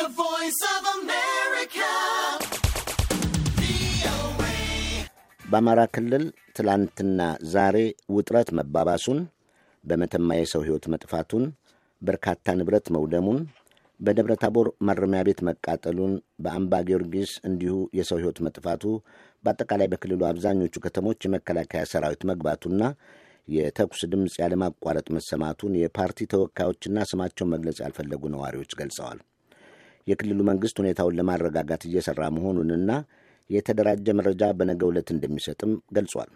The Voice of America. በአማራ ክልል ትላንትና ዛሬ ውጥረት መባባሱን፣ በመተማ የሰው ሕይወት መጥፋቱን፣ በርካታ ንብረት መውደሙን፣ በደብረ ታቦር ማረሚያ ቤት መቃጠሉን፣ በአምባ ጊዮርጊስ እንዲሁ የሰው ሕይወት መጥፋቱ፣ በአጠቃላይ በክልሉ አብዛኞቹ ከተሞች የመከላከያ ሰራዊት መግባቱና የተኩስ ድምፅ ያለማቋረጥ መሰማቱን የፓርቲ ተወካዮችና ስማቸውን መግለጽ ያልፈለጉ ነዋሪዎች ገልጸዋል። የክልሉ መንግስት ሁኔታውን ለማረጋጋት እየሰራ መሆኑንና የተደራጀ መረጃ በነገ ዕለት እንደሚሰጥም ገልጿል።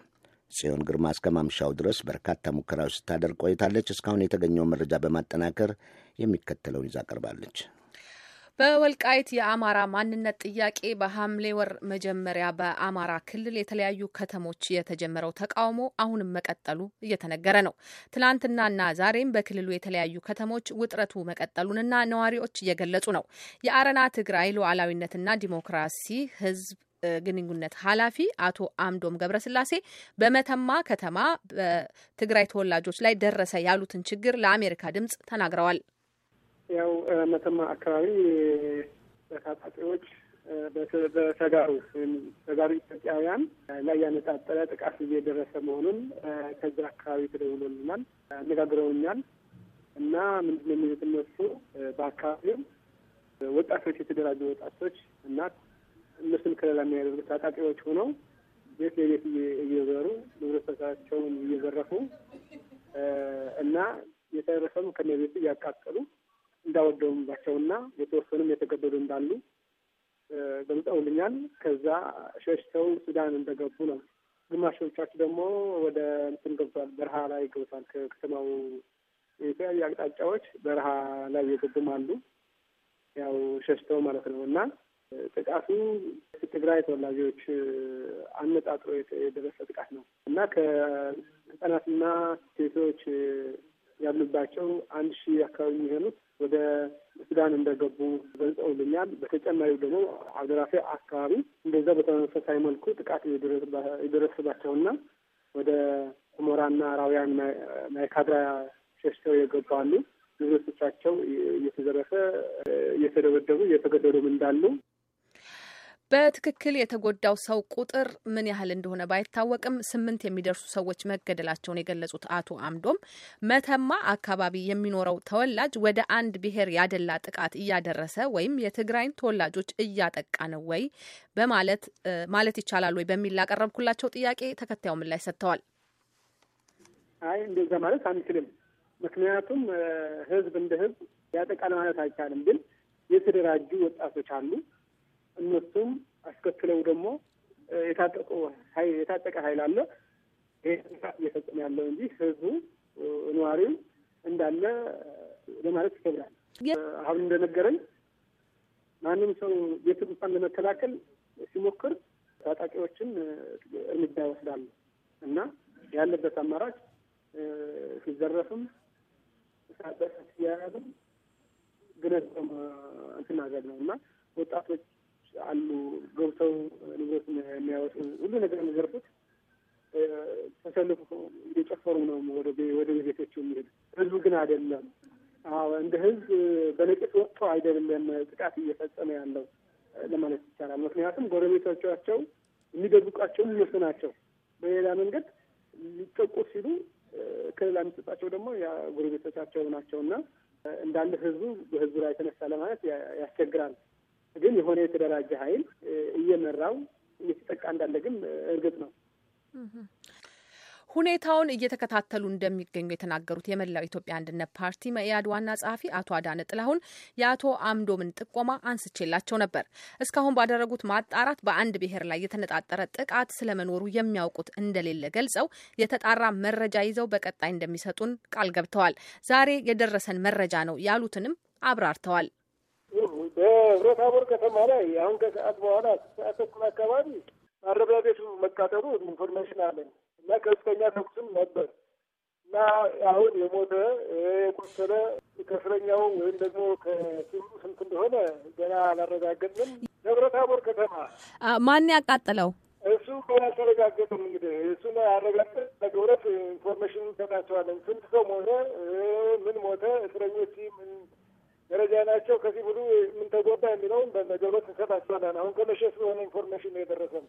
ጽዮን ግርማ እስከ ማምሻው ድረስ በርካታ ሙከራዎች ስታደርግ ቆይታለች። እስካሁን የተገኘውን መረጃ በማጠናከር የሚከተለውን ይዛ ቀርባለች። በወልቃይት የአማራ ማንነት ጥያቄ በሐምሌ ወር መጀመሪያ በአማራ ክልል የተለያዩ ከተሞች የተጀመረው ተቃውሞ አሁንም መቀጠሉ እየተነገረ ነው። ትናንትናና ዛሬም በክልሉ የተለያዩ ከተሞች ውጥረቱ መቀጠሉንና ነዋሪዎች እየገለጹ ነው። የአረና ትግራይ ሉዓላዊነትና ዲሞክራሲ ህዝብ ግንኙነት ኃላፊ አቶ አምዶም ገብረስላሴ በመተማ ከተማ በትግራይ ተወላጆች ላይ ደረሰ ያሉትን ችግር ለአሜሪካ ድምጽ ተናግረዋል። ያው መተማ አካባቢ በታጣቂዎች በተጋሩ ተጋሩ ኢትዮጵያውያን ላይ ያነጣጠረ ጥቃት እየደረሰ መሆኑን ከዛ አካባቢ ተደውሎልናል፣ አነጋግረውኛል እና ምንድነው የሚሉት እነሱ በአካባቢው ወጣቶች የተደራጁ ወጣቶች እና እነሱን ከለላ የሚያደርጉ ታጣቂዎች ሆነው ቤት ለቤት እየዘሩ ንብረቶቻቸውን እየዘረፉ እና የተረፈም ከነቤት እያቃጠሉ እንዳወደሙባቸውና የተወሰኑም የተገደዱ እንዳሉ ገልጠውልኛል ከዛ ሸሽተው ሱዳን እንደገቡ ነው። ግማሾቻች ደግሞ ወደ እንትን ገብቷል፣ በረሃ ላይ ገብቷል። ከከተማው የተለያዩ አቅጣጫዎች በረሃ ላይ የገቡም አሉ፣ ያው ሸሽተው ማለት ነው። እና ጥቃቱ ትግራይ ተወላጆች አነጣጥሮ የደረሰ ጥቃት ነው እና ከህጻናትና ሴቶች ያሉባቸው አንድ ሺህ አካባቢ የሚሆኑት ወደ ሱዳን እንደገቡ ገልጸውልኛል። በተጨማሪ ደግሞ አብደራፊ አካባቢ እንደዛ በተመሳሳይ መልኩ ጥቃት የደረሰባቸውና ወደ ሁመራና ራውያን ማይካድራ ሸሽተው የገቡ አሉ። ንብረቶቻቸው እየተዘረፈ እየተደበደቡ እየተገደሉም እንዳሉ በትክክል የተጎዳው ሰው ቁጥር ምን ያህል እንደሆነ ባይታወቅም ስምንት የሚደርሱ ሰዎች መገደላቸውን የገለጹት አቶ አምዶም መተማ አካባቢ የሚኖረው ተወላጅ ወደ አንድ ብሔር ያደላ ጥቃት እያደረሰ ወይም የትግራይን ተወላጆች እያጠቃ ነው ወይ በማለት ማለት ይቻላል ወይ በሚል ላቀረብኩላቸው ጥያቄ ተከታዩ ምላሽ ሰጥተዋል። አይ እንደዛ ማለት አንችልም። ምክንያቱም ህዝብ እንደ ህዝብ ያጠቃል ማለት አይቻልም። ግን የተደራጁ ወጣቶች አሉ እነሱም አስከትለው ደግሞ የታጠቁ የታጠቀ ሀይል አለ። ይሄ እየፈጸመ ያለው እንጂ ህዝቡ ነዋሪው እንዳለ ለማለት ይከብዳል። አሁን እንደነገረኝ ማንም ሰው ቤት እንኳን ለመከላከል ሲሞክር ታጣቂዎችን እርምጃ ይወስዳሉ እና ያለበት አማራጭ ሲዘረፍም ሲያያዝም ግነት እንትን ነው እና ወጣቶች አሉ ገብተው ንብረት የሚያወጡ ሁሉ ነገር የሚዘርፉት ተሰልፎ እየጨፈሩ ነው ወደ ቤቶቹ የሚሄዱ። ህዝብ ግን አይደለም። አዎ እንደ ህዝብ በነቂስ ወጥቶ አይደለም ጥቃት እየፈጸመ ያለው ለማለት ይቻላል። ምክንያቱም ጎረቤቶቻቸው የሚደብቋቸው እነሱ ናቸው። በሌላ መንገድ ሊጠቁ ሲሉ ክልል የሚሰጣቸው ደግሞ ጎረቤቶቻቸው ናቸው እና እንዳለ ህዝቡ በህዝቡ ላይ ተነሳ ለማለት ያስቸግራል። ግን የሆነ የተደራጀ ኃይል እየመራው እየተጠቃ እንዳለ ግን እርግጥ ነው። ሁኔታውን እየተከታተሉ እንደሚገኙ የተናገሩት የመላው ኢትዮጵያ አንድነት ፓርቲ መኢአድ ዋና ጸሐፊ አቶ አዳነ ጥላሁን የአቶ አምዶምን ጥቆማ አንስቼላቸው ነበር። እስካሁን ባደረጉት ማጣራት በአንድ ብሔር ላይ የተነጣጠረ ጥቃት ስለመኖሩ የሚያውቁት እንደሌለ ገልጸው የተጣራ መረጃ ይዘው በቀጣይ እንደሚሰጡን ቃል ገብተዋል። ዛሬ የደረሰን መረጃ ነው ያሉትንም አብራርተዋል። ህብረ ታቦር ከተማ ላይ አሁን ከሰዓት በኋላ ሰዓት ተኩል አካባቢ ማረቢያ ቤቱ መቃጠሉ ኢንፎርሜሽን አለኝ እና ከፍተኛ ተኩስም ነበር እና አሁን የሞተ የቆሰለ ከእስረኛው ወይም ደግሞ ከስሩ ስንት እንደሆነ ገና አላረጋገጥንም። ደብረ ታቦር ከተማ ማን ያቃጠለው እሱ አልተረጋገጥም። እንግዲህ እሱን አረጋገጥ ለገብረት ኢንፎርሜሽን እንሰጣቸዋለን። ስንት ሰው ሞተ፣ ምን ሞተ፣ እስረኞች ምን ናቸው ከዚህ ብሉ ምን ተጎዳ የሚለውን በነገሮት እንሰጣቸዋለን። አሁን ከመሸ ስለሆነ ኢንፎርሜሽን ነው የደረሰን።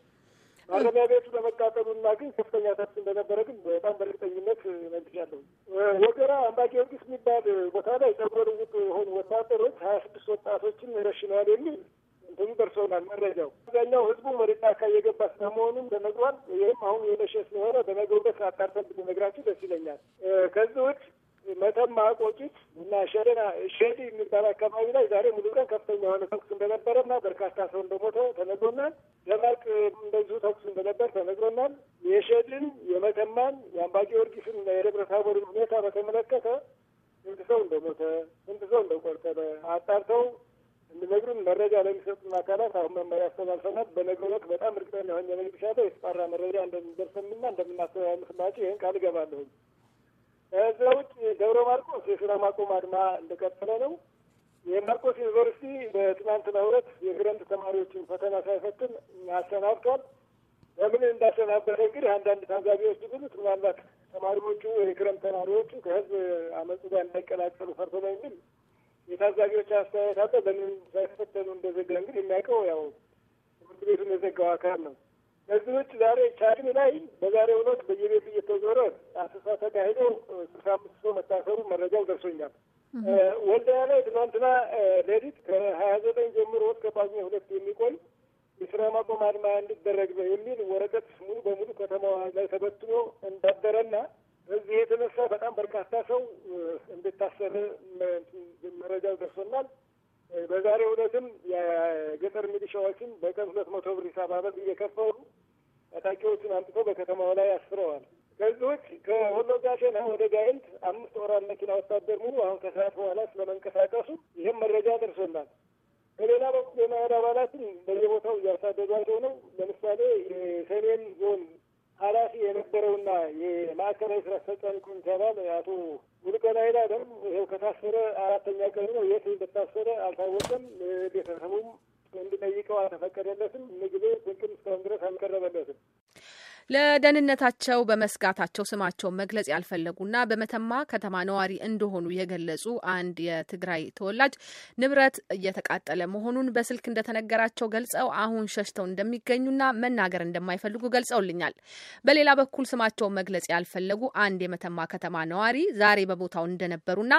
ማረሚያ ቤቱ ለመቃጠሉና ግን ከፍተኛ ታክስ እንደነበረ ግን በጣም በእርግጠኝነት ነግጃለሁ። ወገራ አምባ ጊዮርጊስ የሚባል ቦታ ላይ ጸጉረ ልውጥ የሆኑ ወታደሮች ሀያ ስድስት ወጣቶችን ረሽነዋል የሚል እንትኑ ደርሰውናል መረጃው። አብዛኛው ህዝቡ ወደ ጫካ እየገባ ስለመሆኑም ተነግሯል። ይህም አሁን የመሸ ስለሆነ በነገ ውደት አጣርተን ብንነግራችሁ ደስ ይለኛል። ከዚህ ውጭ መተማ ቆጭት እና ሸደና ሸዲ የሚባል አካባቢ ላይ ዛሬ ሙሉ ቀን ከፍተኛ የሆነ ተኩስ እንደነበረ እንደነበረና በርካታ ሰው እንደሞተ ተነግሮናል። ደማቅ እንደዚሁ ተኩስ እንደነበር ተነግሮናል። የሸድን የመተማን የአምባ ጊዮርጊስን እና የደብረ ታቦርን ሁኔታ በተመለከተ ስንት ሰው እንደሞተ ስንት ሰው እንደቆሰለ አጣርተው እንድነግሩን መረጃ ለሚሰጡን አካላት አሁን መመሪያ አስተላልፈናል። በነገ ዕለት በጣም እርግጠኛ ሆኜ ነግሬሻለሁ። የተጣራ መረጃ እንደሚደርሰንና እንደምናስተላልፍላቸው ይህን ቃል እገባለሁኝ። ከዛ ውጭ ደብረ ማርቆስ የስራ ማቆም አድማ እንደቀጠለ ነው። የማርቆስ ዩኒቨርሲቲ በትናንትናው ዕለት የክረምት ተማሪዎችን ፈተና ሳይፈትን አሰናብቷል። በምን እንዳሰናበተ እንግዲህ አንዳንድ ታዛቢዎች ብሉት ምናልባት ተማሪዎቹ የክረምት ተማሪዎቹ ከህዝብ አመፅ ጋር እንዳይቀላቀሉ ፈርቶ ነው የሚል የታዛቢዎች አስተያየት አለ። በምን ሳይፈተኑ እንደዘጋ እንግዲህ የሚያውቀው ያው ትምህርት ቤቱን የዘጋው አካል ነው። ከዚህ ውጭ ዛሬ ቻግኒ ላይ በዛሬ ዕለት በየቤቱ እየተዞረ አሰሳ ተካሂዶ ስልሳ አምስት ሰው መታሰሩ መረጃው ደርሶኛል። ወልዳያ ላይ ትናንትና ሌሊት ከሀያ ዘጠኝ ጀምሮ እስከ ጳጉሜ ሁለት የሚቆይ የስራ ማቆም አድማ እንዲደረግ የሚል ወረቀት ሙሉ በሙሉ ከተማዋ ላይ ተበትኖ እንዳደረና በዚህ የተነሳ በጣም በርካታ ሰው እንድታሰር መረጃው ደርሶናል። በዛሬ እውነትም የገጠር ሚሊሻዎችን በቀን ሁለት መቶ ብር ሂሳብ አበል እየከፈሉ ታጣቂዎቹን አምጥተው በከተማው ላይ አስረዋል። ከዚህ ውጭ ከወሎ ጋቴና ወደ ጋይንት አምስት ወራት መኪና ወታደር ሙሉ አሁን ከሰዓት በኋላ ስለመንቀሳቀሱ ይህም መረጃ ደርሶናል። በሌላ በኩል የማያድ አባላትን በየቦታው እያሳደዷቸው ነው። ለምሳሌ የሰሜን ዞን ኃላፊ የነበረውና የማዕከላዊ ስራ አስፈጻሚ ኮሚቴ አባል አቶ ላይላ ይላለም ይኸው ከታሰረ አራተኛ ቀኑ ነው። የት እንደታሰረ አልታወቀም። ቤተሰቡም እንድጠይቀው አልተፈቀደለትም። ምግብ ስንቅም እስካሁን ድረስ አልቀረበለትም። ለደህንነታቸው በመስጋታቸው ስማቸውን መግለጽ ያልፈለጉና በመተማ ከተማ ነዋሪ እንደሆኑ የገለጹ አንድ የትግራይ ተወላጅ ንብረት እየተቃጠለ መሆኑን በስልክ እንደተነገራቸው ገልጸው አሁን ሸሽተው እንደሚገኙና መናገር እንደማይፈልጉ ገልጸውልኛል። በሌላ በኩል ስማቸውን መግለጽ ያልፈለጉ አንድ የመተማ ከተማ ነዋሪ ዛሬ በቦታው እንደነበሩና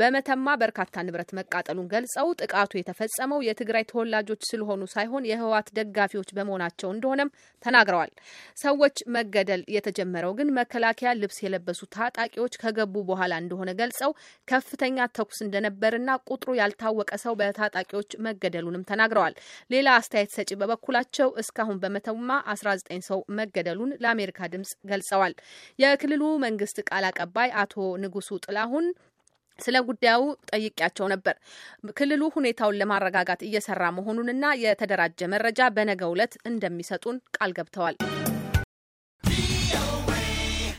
በመተማ በርካታ ንብረት መቃጠሉን ገልጸው ጥቃቱ የተፈጸመው የትግራይ ተወላጆች ስለሆኑ ሳይሆን የህወሓት ደጋፊዎች በመሆናቸው እንደሆነም ተናግረዋል። ሰዎች ሰዎች መገደል የተጀመረው ግን መከላከያ ልብስ የለበሱ ታጣቂዎች ከገቡ በኋላ እንደሆነ ገልጸው ከፍተኛ ተኩስ እንደነበርና ቁጥሩ ያልታወቀ ሰው በታጣቂዎች መገደሉንም ተናግረዋል። ሌላ አስተያየት ሰጪ በበኩላቸው እስካሁን በመተማ 19 ሰው መገደሉን ለአሜሪካ ድምጽ ገልጸዋል። የክልሉ መንግስት ቃል አቀባይ አቶ ንጉሱ ጥላሁን ስለ ጉዳዩ ጠይቄያቸው ነበር። ክልሉ ሁኔታውን ለማረጋጋት እየሰራ መሆኑንና የተደራጀ መረጃ በነገው ዕለት እንደሚሰጡን ቃል ገብተዋል።